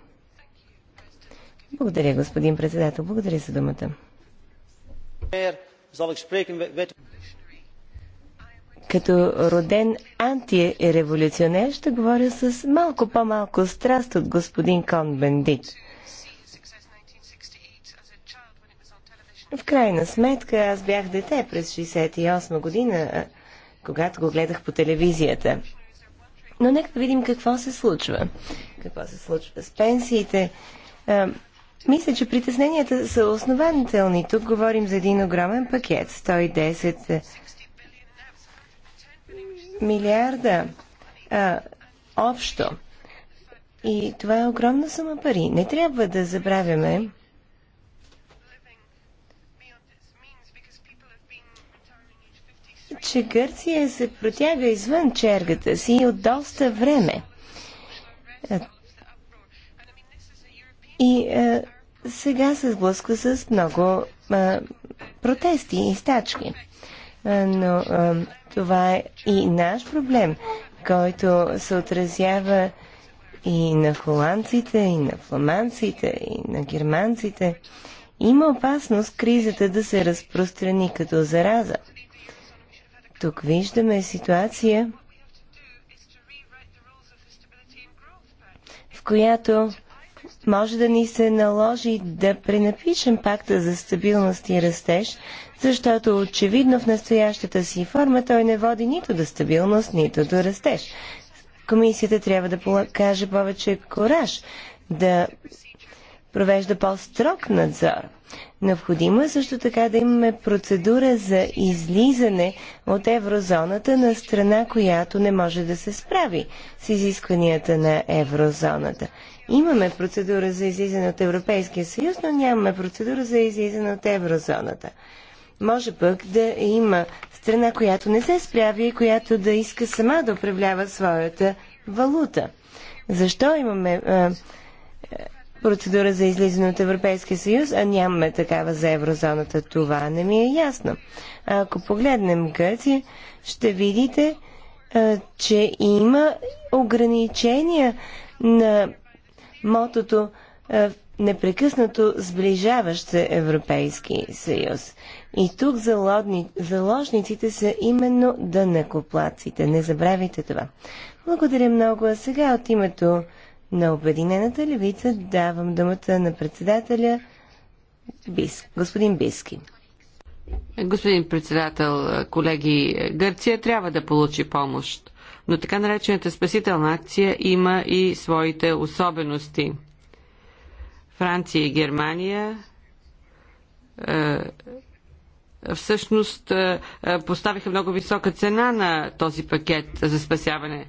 Благодаря, господин председател. Благодаря за думата. Като роден антиреволюционер ще говоря с малко по-малко страст от господин Кон Бендит. В крайна сметка аз бях дете през 68 година когато го гледах по телевизията. Но нека видим какво се случва. Какво се случва с пенсиите. А, мисля, че притесненията са основателни. Тук говорим за един огромен пакет. 110 милиарда а, общо. И това е огромна сума пари. Не трябва да забравяме, че Гърция се протяга извън чергата си от доста време. И а, е, сега се сблъсква с много а, е, протести и стачки. А, е, но а, това е и наш проблем, който се отразява и на холандците, и на фламандците, и на германците. Има опасност кризата да се разпространи като зараза. Тук виждаме ситуация, в която може да ни се наложи да пренапишем пакта за стабилност и растеж, защото очевидно в настоящата си форма той не води нито до стабилност, нито до растеж. Комисията трябва да покаже повече кораж, да провежда по-строг надзор Необходимо е също така да имаме процедура за излизане от еврозоната на страна, която не може да се справи с изискванията на еврозоната. Имаме процедура за излизане от Европейския съюз, но нямаме процедура за излизане от еврозоната. Може пък да има страна, която не се справи и която да иска сама да управлява своята валута. Защо имаме а, процедура за излизане от Европейския съюз, а нямаме такава за еврозоната. Това не ми е ясно. Ако погледнем Гърция, ще видите, че има ограничения на мотото непрекъснато сближаващ се Европейски съюз. И тук залодни, заложниците са именно дънакоплаците. Не забравяйте това. Благодаря много. А сега от името на Обединената левица. Давам думата на председателя Бис, господин Биски. Господин председател, колеги, Гърция трябва да получи помощ, но така наречената спасителна акция има и своите особености. Франция и Германия е, всъщност е, е поставиха много висока цена на този пакет за спасяване е,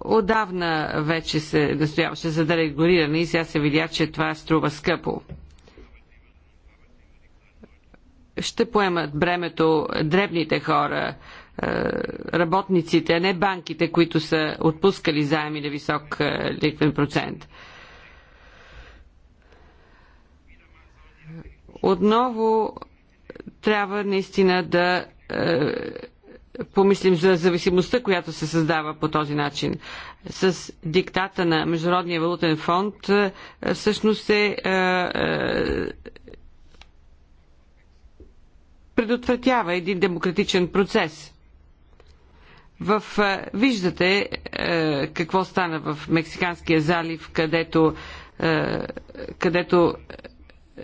отдавна вече се настояваше за дерегулиране и сега се видя, че това струва скъпо. Ще поемат бремето дребните хора, е, работниците, а не банките, които са отпускали заеми на висок е, ликвен процент. Отново трябва наистина да е, помислим за зависимостта, която се създава по този начин. С диктата на Международния валутен фонд е, всъщност се е, предотвратява един демократичен процес. В, е, виждате какво стана в Мексиканския залив, където, където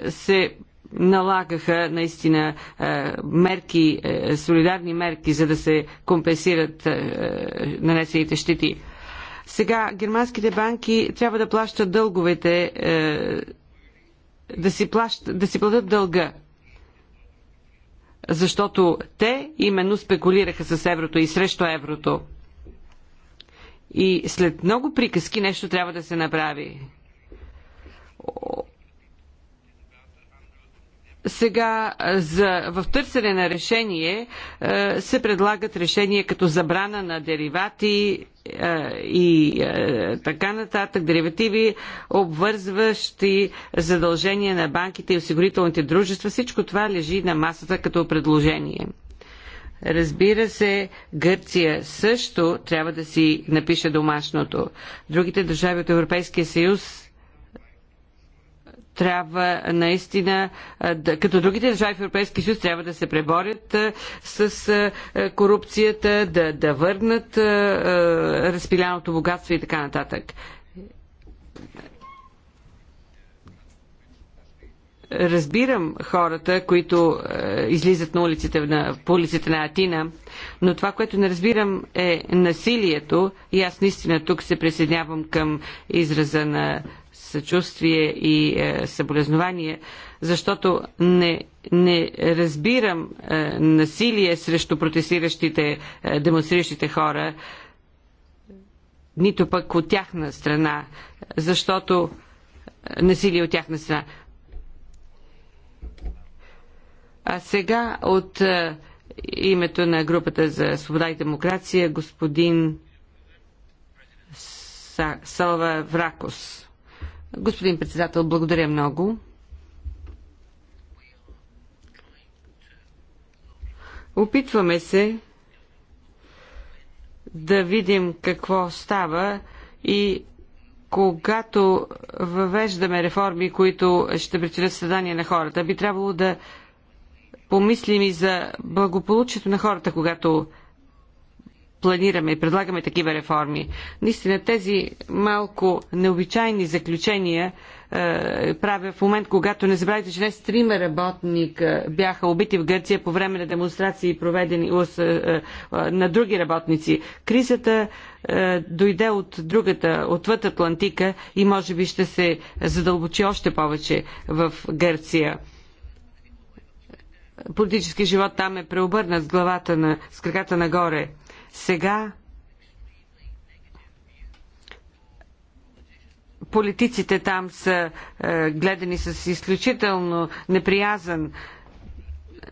се налагаха наистина е, мерки, е, солидарни мерки, за да се компенсират е, нанесените щети. Сега германските банки трябва да плащат дълговете, да си, плащат, да си платят дълга. Защото те именно спекулираха с еврото и срещу еврото. И след много приказки нещо трябва да се направи сега за, в търсене на решение се предлагат решения като забрана на деривати и така нататък, деривативи, обвързващи задължения на банките и осигурителните дружества. Всичко това лежи на масата като предложение. Разбира се, Гърция също трябва да си напише домашното. Другите държави от Европейския съюз трябва наистина, като другите държави в Европейския съюз, трябва да се преборят с корупцията, да, да върнат разпиляното богатство и така нататък. разбирам хората, които е, излизат на улиците, на, по улиците на Атина, но това, което не разбирам е насилието и аз наистина тук се присъединявам към израза на съчувствие и е, съболезнование, защото не, не разбирам е, насилие срещу протестиращите, е, демонстриращите хора, нито пък от тяхна страна, защото е, насилие от тяхна страна. А сега от е, името на групата за свобода и демокрация господин Салва Вракос. Господин председател, благодаря много. Опитваме се да видим какво става и когато въвеждаме реформи, които ще причинят страдания на хората, би трябвало да помислим и за благополучието на хората, когато планираме и предлагаме такива реформи. Наистина тези малко необичайни заключения е, правя в момент, когато не забравяйте, че днес трима работника бяха убити в Гърция по време на демонстрации, проведени е, е, на други работници. Кризата е, дойде от другата, отвъд Атлантика и може би ще се задълбочи още повече в Гърция политически живот там е преобърнат с главата на, с краката нагоре. Сега политиците там са е, гледани с изключително неприязан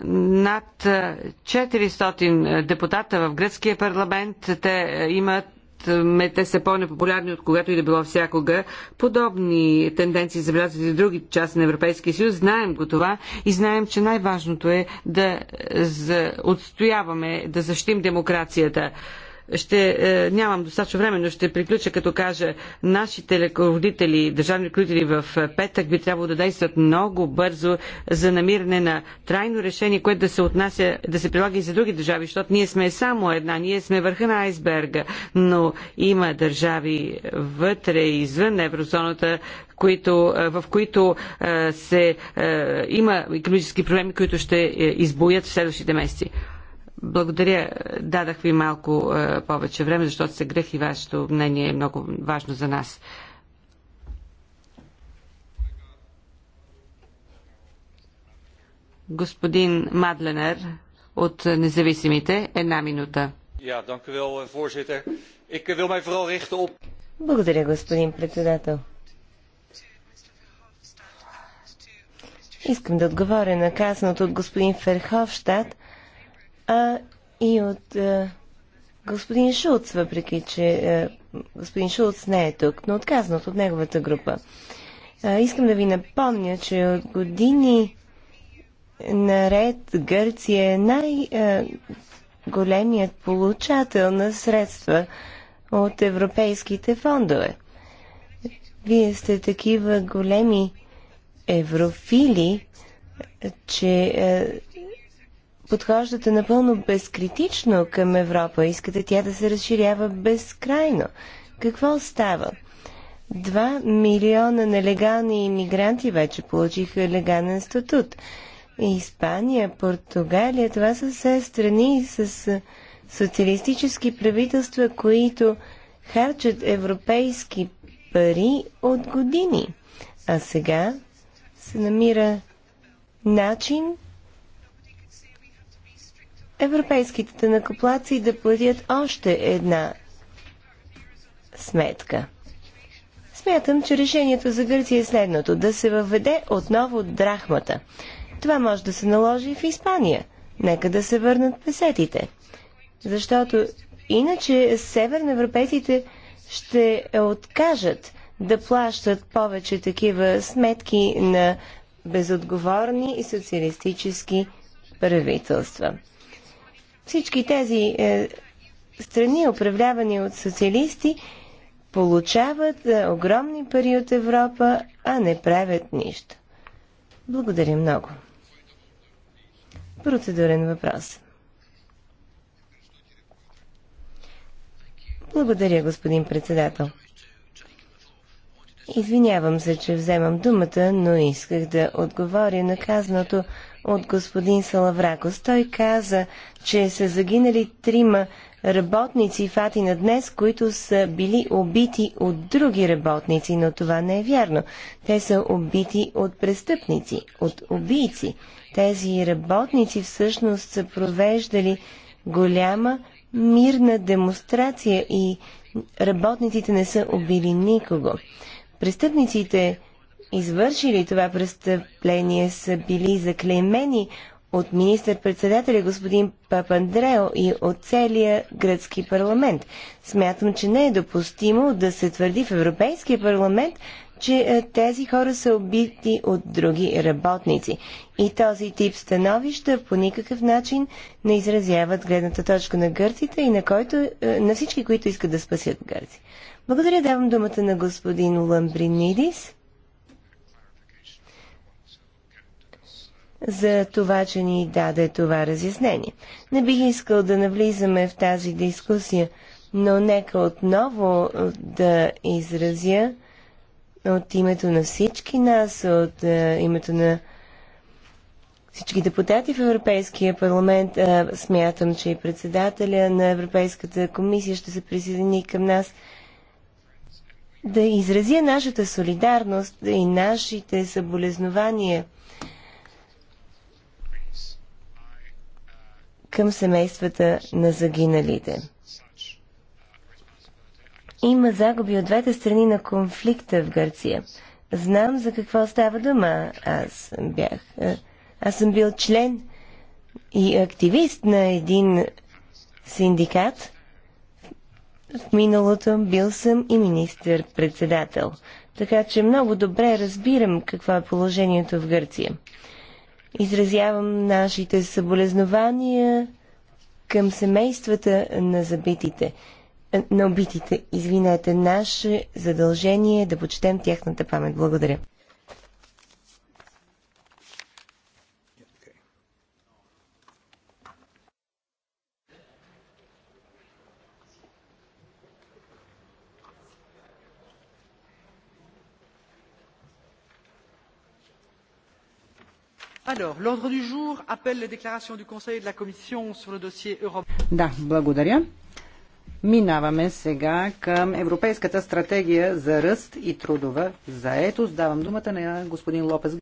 над 400 е, е, депутата в гръцкия парламент. Те е, имат ме те са по-непопулярни от когато и да било всякога. Подобни тенденции забелязват и други части на Европейския съюз. Знаем го това и знаем, че най-важното е да е, отстояваме, да защитим демокрацията ще, е, нямам достатъчно време, но ще приключа като кажа, нашите ръководители, държавни ръководители в е, петък би трябвало да действат много бързо за намиране на трайно решение, което да се отнася, да се прилага и за други държави, защото ние сме само една, ние сме върха на айсберга, но има държави вътре и извън еврозоната, които, е, в които е, се, е, има економически проблеми, които ще е, избоят в следващите месеци. Благодаря. Дадах ви малко а, е, повече време, защото се грех и вашето мнение е много важно за нас. Господин Мадленер от Независимите, една минута. Благодаря, господин председател. Искам да отговоря на казаното от господин Ферховщад а и от а, господин Шулц, въпреки че а, господин Шулц не е тук, но отказнат от неговата група. А, искам да ви напомня, че от години наред Гърция е най-големият получател на средства от европейските фондове. Вие сте такива големи еврофили, че подхождате напълно безкритично към Европа. Искате тя да се разширява безкрайно. Какво става? Два милиона нелегални иммигранти вече получиха легален статут. Испания, Португалия, това са все страни с социалистически правителства, които харчат европейски пари от години. А сега се намира начин европейските тънакоплаци да платят още една сметка. Смятам, че решението за Гърция е следното – да се въведе отново драхмата. Това може да се наложи и в Испания. Нека да се върнат песетите. Защото иначе северноевропейците ще откажат да плащат повече такива сметки на безотговорни и социалистически правителства. Всички тези е, страни, управлявани от социалисти, получават е, огромни пари от Европа, а не правят нищо. Благодаря много. Процедурен въпрос. Благодаря, господин председател. Извинявам се, че вземам думата, но исках да отговоря на казаното от господин Салавракос. Той каза, че са загинали трима работници в Атина днес, които са били убити от други работници, но това не е вярно. Те са убити от престъпници, от убийци. Тези работници всъщност са провеждали голяма мирна демонстрация и работниците не са убили никого престъпниците, извършили това престъпление, са били заклеймени от министър-председателя господин Папандрео и от целия гръцки парламент. Смятам, че не е допустимо да се твърди в Европейския парламент, че е, тези хора са убити от други работници. И този тип становища по никакъв начин не изразяват гледната точка на гърците и на, който, е, на всички, които искат да спасят гърци. Благодаря, давам думата на господин Ламбринидис за това, че ни даде това разяснение. Не бих искал да навлизаме в тази дискусия, но нека отново е, да изразя от името на всички нас, от а, е, името на всички депутати в Европейския парламент. а, е, смятам, че и председателя на Европейската комисия ще се присъедини към нас да изразя нашата солидарност и нашите съболезнования към семействата на загиналите. Има загуби от двете страни на конфликта в Гърция. Знам за какво става дума. Аз бях. Аз съм бил член и активист на един синдикат. В миналото бил съм и министър-председател. Така че много добре разбирам какво е положението в Гърция. Изразявам нашите съболезнования към семействата на забитите на убитите. Извинете, наше задължение е да почетем тяхната памет. Благодаря. l'ordre du jour appelle les déclarations du conseil et de la commission sur le dossier europol. Минаваме сега към Европейската стратегия за ръст и трудова заетост. Давам думата на господин Лопес.